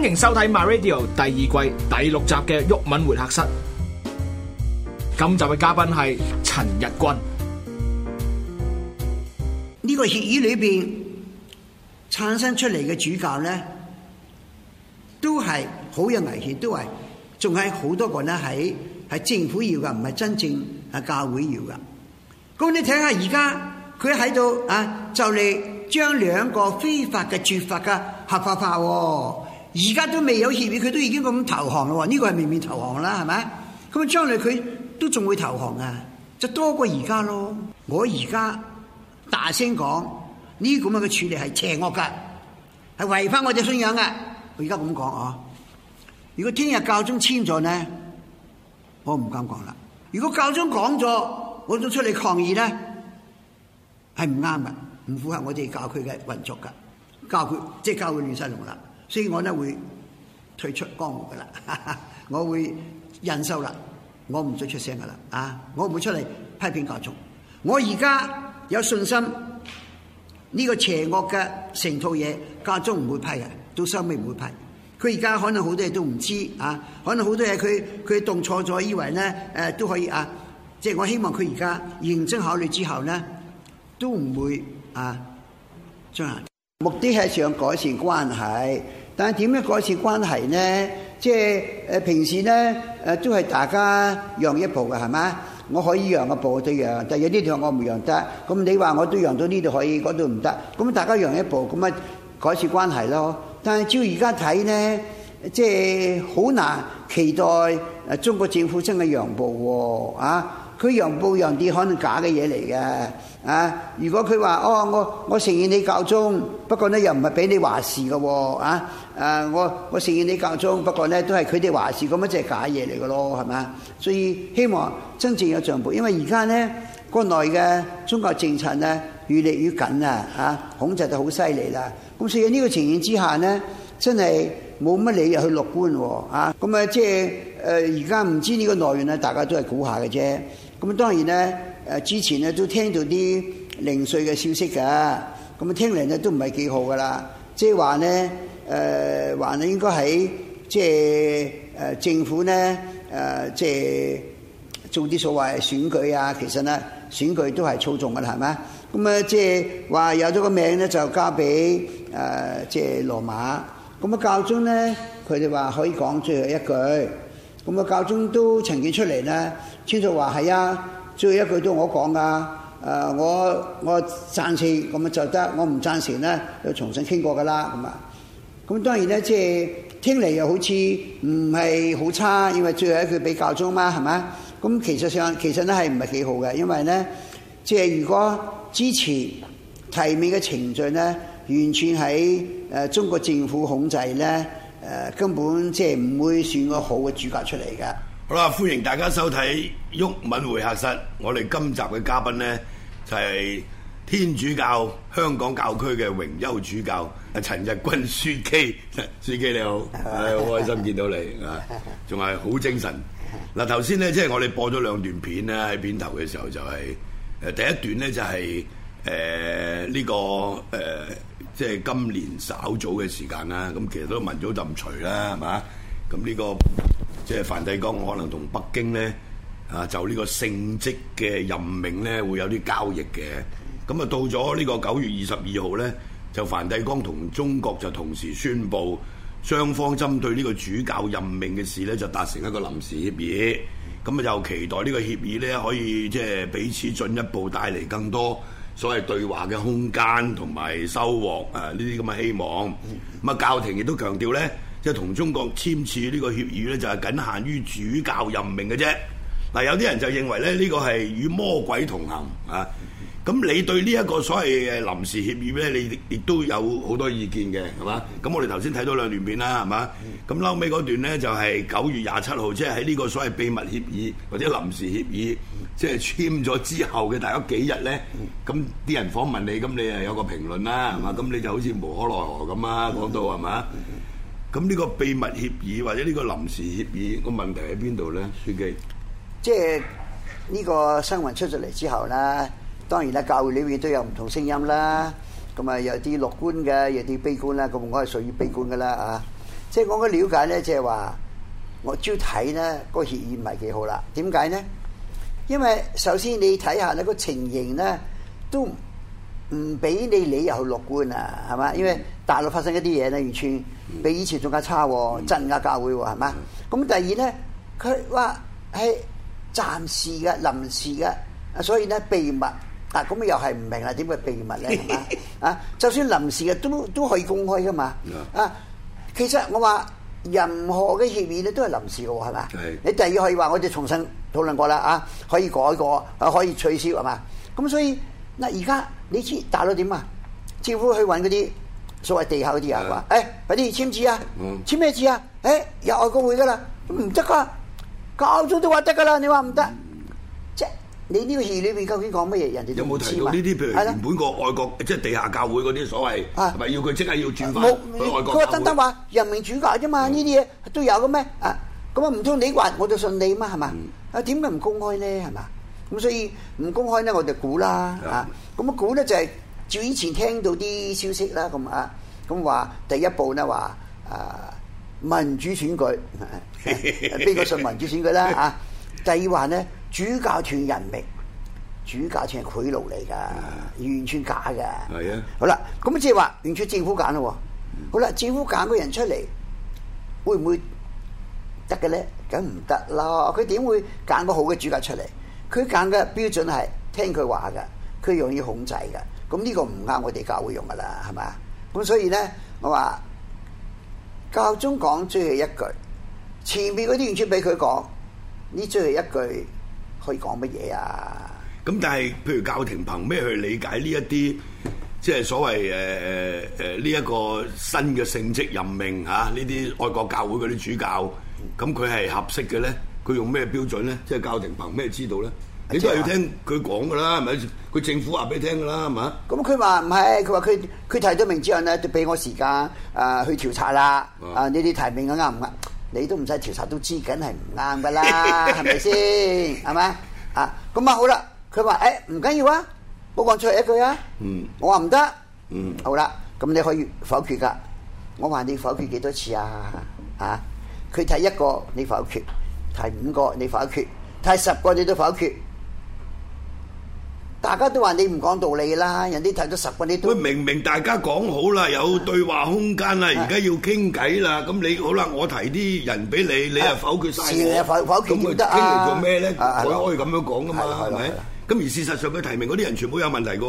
歡迎收睇 My Radio 第二季第六集嘅《毓民會客室》。今集嘅嘉賓係陳日君。呢個協議裏邊產生出嚟嘅主教咧，都係好有危險，都係仲係好多個咧喺係政府要嘅，唔係真正係教會要嘅。咁你睇下而家佢喺度啊，就嚟將兩個非法嘅絕法嘅合法化，哦。而家都未有協議，佢都已經咁投降咯喎！呢個係明面投降啦，係咪？咁啊，將來佢都仲會投降啊，就多過而家咯。我而家大聲講呢，咁樣嘅處理係邪惡嘅，係違翻我隻信仰嘅。我而家咁講啊，如果聽日教宗簽咗咧，我唔敢講啦。如果教宗講咗，我都出嚟抗議咧，係唔啱嘅，唔符合我哋教區嘅運作嘅。教區即係教會亂曬龍啦。所以我咧會退出江湖噶啦，我會引咎啦，我唔再出聲噶啦，啊，我唔會出嚟批評教宗。我而家有信心，呢個邪惡嘅成套嘢，教宗唔會批嘅，到收尾唔會批。佢而家可能好多嘢都唔知啊，可能好多嘢佢佢當錯咗，以為咧誒都可以啊。即係我希望佢而家認真考慮之後咧，都唔會啊進行。目的係想改善關係。但係點樣改善關係呢？即係誒平時呢誒都係大家讓一步嘅係咪？我可以讓一步就讓，但有啲讓我唔讓得。咁你話我都讓到呢度可以，嗰度唔得。咁大家讓一步，咁咪改善關係咯。但係照而家睇呢，即係好難期待誒中國政府真係讓步喎啊！佢揚報揚啲，可能假嘅嘢嚟嘅。啊，如果佢話哦，我我承認你教宗，不過呢又唔係俾你話事嘅喎。啊，誒，我我承認你教宗，不過呢都係佢哋話事，咁樣即係假嘢嚟嘅咯，係咪？所以希望真正有進步，因為而家呢國內嘅中國政策呢，越嚟越緊啊，嚇，控制得好犀利啦。咁所以呢個情形之下呢，真係冇乜理由去樂觀喎。啊，咁啊，即係誒，而家唔知呢個內源呢，大家都係估下嘅啫。咁啊當然咧，誒之前咧都聽到啲零碎嘅消息㗎，咁啊聽嚟咧都唔係幾好㗎啦。即係話咧，誒話咧應該喺即係誒政府咧，誒即係做啲所謂的選舉啊。其實咧選舉都係操縱㗎啦，係咪啊？咁啊即係話有咗個名咧、呃，就交俾誒即係羅馬。咁啊教宗咧，佢哋話可以講最後一句。咁啊，教宗都曾經出嚟呢，清楚話係啊，最後一句都我講噶，誒我我贊成，咁啊就得，我唔贊成呢，又重新傾過噶啦，咁啊，咁當然呢，即係聽嚟又好似唔係好差，因為最後一句俾教宗嘛，係咪？咁其實上其實呢係唔係幾好嘅，因為呢，即係如果支持提名嘅程序呢，完全喺誒中國政府控制呢。誒、嗯、根本即係唔會選個好嘅主角出嚟噶。好啦，歡迎大家收睇《毓民會客室》。我哋今集嘅嘉賓呢，就係、是、天主教香港教區嘅榮休主教陳日君樞機。樞機你好，好開、 哎、心見到你 啊，仲係好精神。嗱、啊，頭先呢，即、就、係、是、我哋播咗兩段片呢，喺片頭嘅時候就係、是、第一段呢、就是，就係誒呢個誒。呃即係今年稍早嘅時間啦，咁其實都聞早就唔除啦，係嘛？咁呢、呢個即係、就係、梵蒂岡可能同北京呢，啊，就呢個聖職嘅任命呢會有啲交易嘅。咁啊，到咗呢個九月二十二號呢，就梵蒂岡同中國就同時宣布，雙方針對呢個主教任命嘅事呢就達成一個臨時協議。咁啊，就期待呢個協議呢可以即係彼此進一步帶嚟更多。所謂對話嘅空間同埋收穫啊，呢啲咁嘅希望。咁啊，教廷亦都強調咧，即係同中國簽署呢個協議咧，就係僅限於主教任命嘅啫。嗱，啊，有啲人就認為咧，呢個係與魔鬼同行啊。咁你對呢一個所謂嘅臨時協議咧，你亦都有好多意見嘅，係嘛？咁我哋頭先睇到兩段片啦，係嘛？咁，嗯，後尾嗰段咧就係九月廿七號，即係喺呢個所謂秘密協議或者臨時協議。即係簽咗之後嘅，大概幾日咧？咁啲人訪問你，咁你誒有個評論啦，係嘛？咁你就好似無可奈何咁啊，講到係嘛？咁呢個秘密協議或者呢個臨時協議個問題喺邊度咧，樞機？即係呢個新聞出咗嚟之後啦，當然啦，教會裏面都有唔同聲音啦。咁啊，有啲樂觀嘅，有啲悲觀啦。咁我係屬於悲觀噶啦啊！即係我嘅瞭解咧，即係話我照睇咧，個協議唔係幾好啦。點解咧？因為首先你睇下咧、呢個情形咧都唔俾你理由去樂觀啊，係嘛？因為大陸發生一啲嘢咧，完全比以前仲加差喎，鎮壓、嗯、教會喎，係嘛？咁、嗯、第二咧，佢話係暫時嘅、臨時嘅，所以咧秘密，但、啊、咁又係唔明啦，點會秘密咧？ 啊，就算臨時嘅都都可以公開噶嘛？啊，其實我話任何嘅協議咧都係臨時嘅，係嘛？是你第二可以話我哋重新，討論過啦啊，可以改過，可以取消係嘛？咁所以嗱，而家你知大佬點啊？政府去搵嗰啲所謂地下啲人話，誒是的、欸，快啲簽字啊，嗯、簽咩字啊？誒、欸，有外國會噶啦，唔得噶，教宗都話得噶啦，你話唔得？即係你呢個事裏邊究竟講乜嘢？人哋有冇提到呢啲？譬如原本個外國的即係地下教會嗰啲所謂，係咪的要佢即刻要轉翻外國？佢話得，得話任命主教啫嘛？呢啲嘢都有嘅咩？啊，咁啊唔通你話我就信你嘛？係嘛？嗯。啊，點解唔公開咧？係嘛？咁所以唔公開咧，我哋估啦嚇。咁啊估咧就係照以前聽到啲消息啦。咁啊，咁、啊、話、啊、第一步咧話啊民主選舉，邊個信民主選舉啦？啊， 第二話咧主教團任命，主教團係傀儡嚟㗎，mm. 完全假㗎。係啊 Yeah.。好啦，咁即係話完全政府揀咯。好啦，政府揀個人出嚟，會唔會？得嘅咧，梗唔得啦！佢點會揀個好嘅主教出嚟？佢揀嘅標準係聽佢話嘅，佢容易控制嘅。咁呢個唔啱我哋教會用噶啦，係咪啊？咁所以咧，我話教宗講最係一句，前面嗰啲完全俾佢講，呢最係一句可以講乜嘢啊？咁但係，譬如教廷憑咩去理解呢一啲，即係所謂誒誒誒呢一個新嘅聖職任命啊？呢啲愛國教會嗰啲主教。咁佢係合適嘅咧？佢用咩標準咧？即係教廷憑咩知道咧？你都係要聽佢講噶啦，係咪？佢政府話俾你聽噶啦，係嘛？咁佢話唔係，佢話佢佢提咗名之後咧，就俾我時間誒去調查啦。啊，呢啲提名啱唔啱？你都唔使調查都知，梗係唔啱噶啦，係咪先？係嘛？啊，咁啊好啦，佢話誒唔緊要啊，我講出嚟一句啊，嗯，我話唔得，嗯，好啦，咁你可以否決噶，我話你否決幾多次啊？啊？佢提一個你否決，提五個你否決，提十個你都否決，大家都話你唔講道理啦，人哋提咗十個你都。佢明明大家講好啦，有對話空間啦，而家要傾偈啦，咁你好啦，我提啲人俾你，你又否決晒，咁咪傾嚟做咩咧？我可以咁樣講噶嘛，係咪？咁而事實上佢提名嗰啲人全部有問題噶。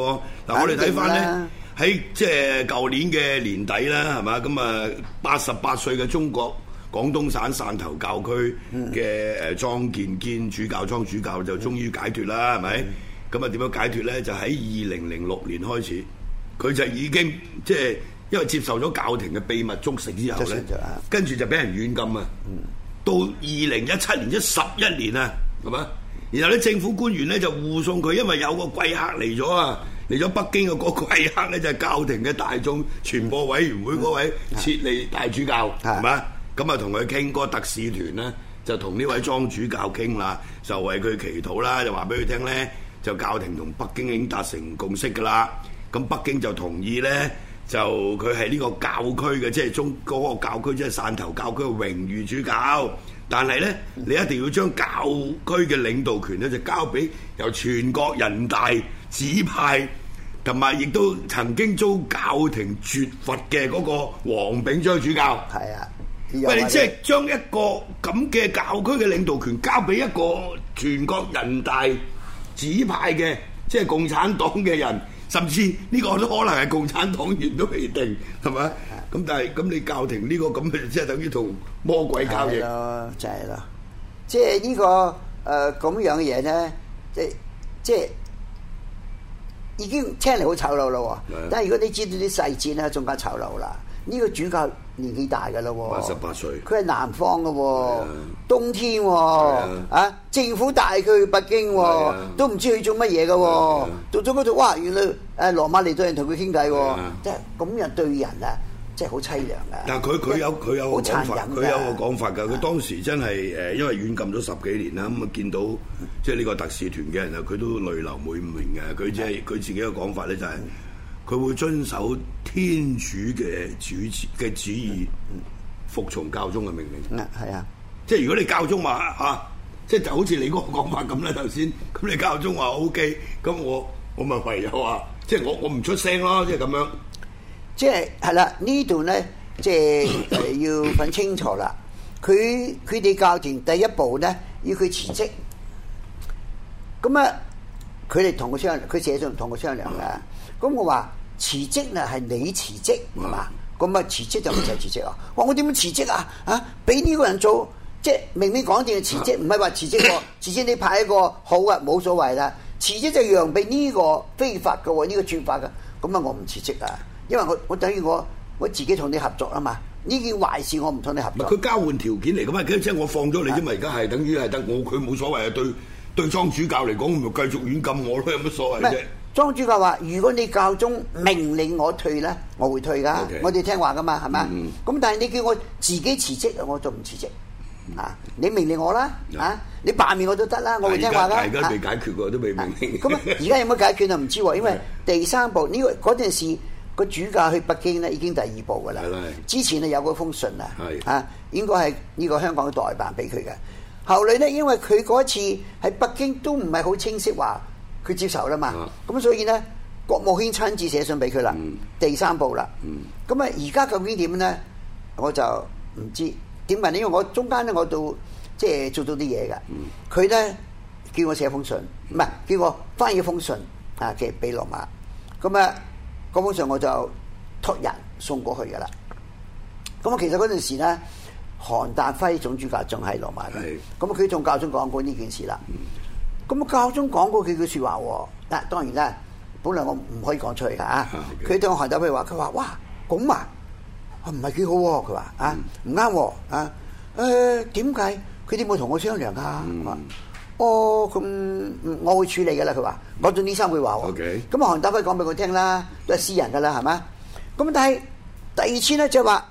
嗱，我哋睇翻咧，喺即係舊年嘅年底啦，係嘛？咁啊，八十八歲嘅中國。廣東省汕頭教區嘅誒莊建堅主教，莊主教就終於解脱啦，係咪、嗯？咁啊點樣解脱咧？就喺二零零六年開始，佢就已經即係、就是、因為接受咗教廷嘅秘密祝聖之後咧，跟住就俾人軟禁啊！嗯、到二零一七年一十一年啊，係咪？然後咧政府官員咧就護送佢，因為有個貴客嚟咗啊，嚟咗北京嘅個貴客咧就係教廷嘅大眾傳播委員會嗰位切利大主教，係咪、嗯。咁啊，同佢傾嗰個特使團咧，就同呢位莊主教傾啦，就為佢祈禱啦，就話俾佢聽咧，就教廷同北京已經達成共識噶啦。咁北京就同意咧，就佢係呢個教區嘅，即係中嗰、嗰個教區即係汕頭教區嘅榮譽主教。但係咧，你一定要將教區嘅領導權咧，就交俾由全國人大指派，同埋亦都曾經遭教廷絕罰嘅嗰個黃炳章主教。係啊。喂！你即係將一個咁嘅教區嘅領導權交俾一個全國人大指派嘅，即係共產黨嘅人，甚至呢個都可能係共產黨員都未定，係咪？咁的但係咁你教廷呢個咁嘅，即係等於同魔鬼交易咯，就係咯。即係呢個誒咁樣嘅嘢咧，即即已經聽嚟好醜陋咯。的但係如果你知道啲細節咧，仲加醜陋啦。呢個主教年紀大嘅咯，八十八歲。佢係南方嘅喎，冬天喎，啊政府帶佢去北京喎，都唔知佢做乜嘢嘅喎。到咗嗰度，哇，原來誒羅馬尼都人同佢傾偈喎，即係咁樣對人啊，真係好凄涼嘅。但係佢佢有佢有個講法，佢有個講法㗎。佢當時真係誒，因為軟禁咗十幾年啦，咁啊見到即係呢個特使團嘅人啊，佢都淚流滿面嘅。佢即係佢自己嘅講法咧，就係。佢會遵守天主嘅主次嘅旨意，服從教宗嘅命令。嗯、啊，係啊，即係如果你教宗話啊，即係就好似你嗰個講法咁啦頭先。咁你教宗話 OK，咁我我咪唯有話，即係我我唔出聲咯，即係咁樣。即係係啦，這呢度咧，即、就、係、是呃、要分清楚啦。佢佢哋教廷第一步咧，要佢辭職。咁啊，佢哋同佢商量，佢寫信同佢商量嘅。咁我話。辭職啦，係你辭職，係嘛？咁啊辭職就唔使辭職啊。我我點樣辭職啊？啊，俾呢個人做，即係明明講定辭職，唔係話辭職喎。呃、辭職你派一個好啊，冇所謂啦。辭職就讓俾呢個非法嘅喎，呢、這個轉法嘅。咁啊，我唔辭職啊，因為我我等於我我自己同你合作啊嘛。呢件壞事我唔同你合作。佢交換條件嚟嘅咩？即係我放咗你啫嘛。而家係等於係得我佢冇所謂啊。對對，莊主教嚟講，佢咪繼續軟禁我咯？有乜所謂啫？莊主教話：如果你教宗命令我退咧，我會退噶。Okay. 我哋聽話噶嘛，係咪？咁、mm hmm. 但係你叫我自己辭職，我就唔辭職。你命令我啦，啊，你罷免我都得啦，我會聽話噶。大家未解決過，啊、都未明，明。咁而家有乜解決啊？唔知喎，因為第三步呢個嗰陣時、個主教去北京咧，已經第二步噶啦。之前咧有個封信啊，啊的，應該係呢個香港嘅代辦俾佢嘅。後來咧，因為佢嗰次喺北京都唔係好清晰話。佢接受啦嘛，咁、嗯、所以咧，國務卿親自寫信俾佢啦，第三步啦，咁啊、嗯，而家究竟點咧，我就唔知點問咧，因為我中間咧，我都即係做到啲嘢噶，佢咧、嗯、叫我寫封信，唔係叫我翻譯封信啊，寄俾羅馬咁啊，嗰封信我就託人送過去噶啦，咁啊，其實嗰陣時咧，韓大輝總主教仲喺羅馬，咁佢仲教宗講過呢件事啦。嗯咁啊，教宗講過幾句説話，嗱，當然啦，本嚟我唔可以講出嚟噶。佢對我韓德輝話：佢話哇，咁啊，唔係幾好，佢話啊，唔啱啊，誒點解？佢點冇同我商量啊？我話：哦，咁我會處理嘅啦。佢話：講咗呢三句話喎。咁韓德輝講俾我聽啦，都係私人噶啦，係咪？咁但係第二次咧就係話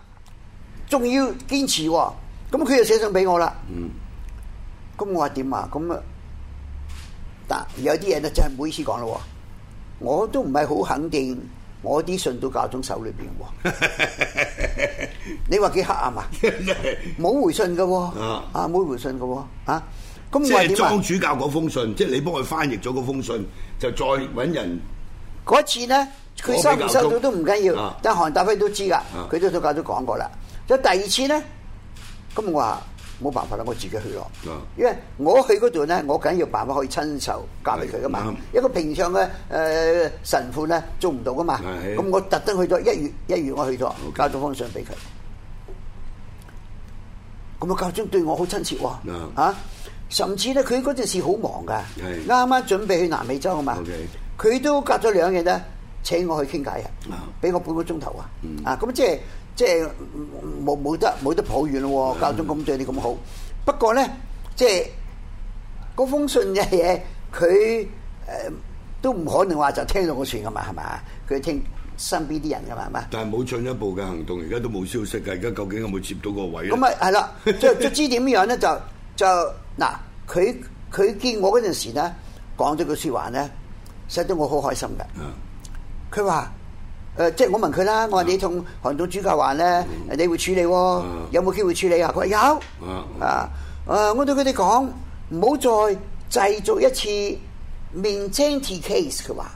仲要堅持喎。咁佢又寫信俾我啦。咁我話點啊？咁啊？.但有啲嘢咧真係唔好意思講咯，我都唔係好肯定我啲信到教宗手裏邊。 你話幾黑啊嘛？冇 回信噶、啊啊，啊冇回信噶，啊咁為點即係莊主教嗰封信，即係你幫佢翻譯咗嗰封信，就再搵人。嗰次呢，佢收唔收到都唔緊要，啊、但韓大輝都知噶，佢、啊、都教宗都講過啦。咁第二次呢？咁話。冇辦法啦，我自己去咯。啊、因為我去嗰度咧，我緊要辦法可以親手交俾佢噶嘛。是一個平常嘅誒、呃、神父咧做唔到噶嘛。咁、啊、我特登去咗一月，一月我去咗，交咗封信俾佢。咁啊，教宗對我好親切喎。啊，甚至咧，佢嗰陣時好忙噶，啱啱準備去南美洲啊嘛。佢 okay, 都隔咗兩日咧請我去傾偈啊，俾我半個鐘頭啊。啊，咁即係。即係冇冇得冇得抱怨咯，教宗咁對你咁好，不過咧，即係嗰封信嘅嘢，佢誒、呃、都唔可能話就聽到我傳噶嘛，係嘛？佢聽身邊啲人噶嘛，係嘛？但係冇進一步嘅行動，而家都冇消息嘅。而家究竟有冇接到個位？咁啊，係啦，即係即係總之點樣咧？ 就就嗱，佢佢見我嗰陣時咧，講咗句説話咧，使得我好開心嘅。佢話、嗯。誒、呃，即係我問佢啦，我話你同韓總主教話咧，嗯、你會處理、喔嗯、有冇機會處理啊？佢話有、嗯嗯、啊，誒，我對佢哋講，唔好再製造一次明爭啲 case 佢話，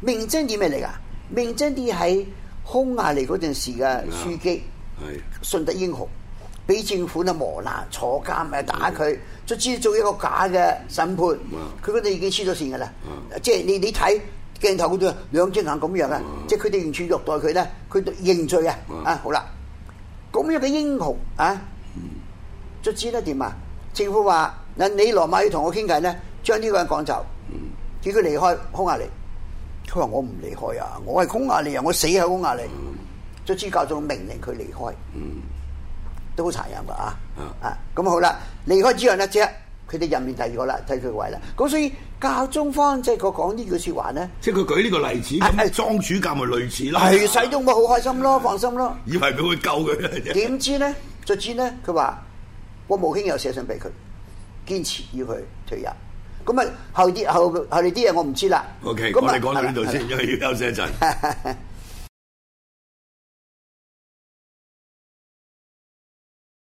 明爭啲咩嚟㗎？明爭啲喺匈牙利嗰陣時嘅書記，係信、嗯、德英雄，俾政府啊磨難，坐監誒打佢，再製、嗯、做一個假嘅審判，佢嗰度已經輸咗線㗎啦，嗯、即係你你睇。鏡頭嗰度，兩隻眼咁樣啊，嗯、即係佢哋完全虐待佢咧，佢都認罪、嗯、啊，啊好啦，咁樣嘅英雄啊，嗯卒之得點啊？政府話嗱，你羅馬要同我傾偈咧，將呢個人趕走，嗯叫佢離開匈牙利，佢話我唔離開啊，我係匈牙利人，我死喺匈牙利，卒之教宗命令佢離開，嗯都好殘忍噶啊，啊咁好啦，離開之後呢只？佢哋入面第二個啦，睇佢位啦，咁所以教中方即係佢講呢句說話咧，即係佢舉呢個例子咁，莊、哎哎、主教咪類似咯，係始終都好開心咯，放心咯，以為佢會救佢，點知咧就知咧，佢話我母親又寫信俾佢，堅持要佢退入，咁啊後啲後後嚟啲嘢我唔知啦。OK，咁麼我哋講到邊度先，因為要休息一陣。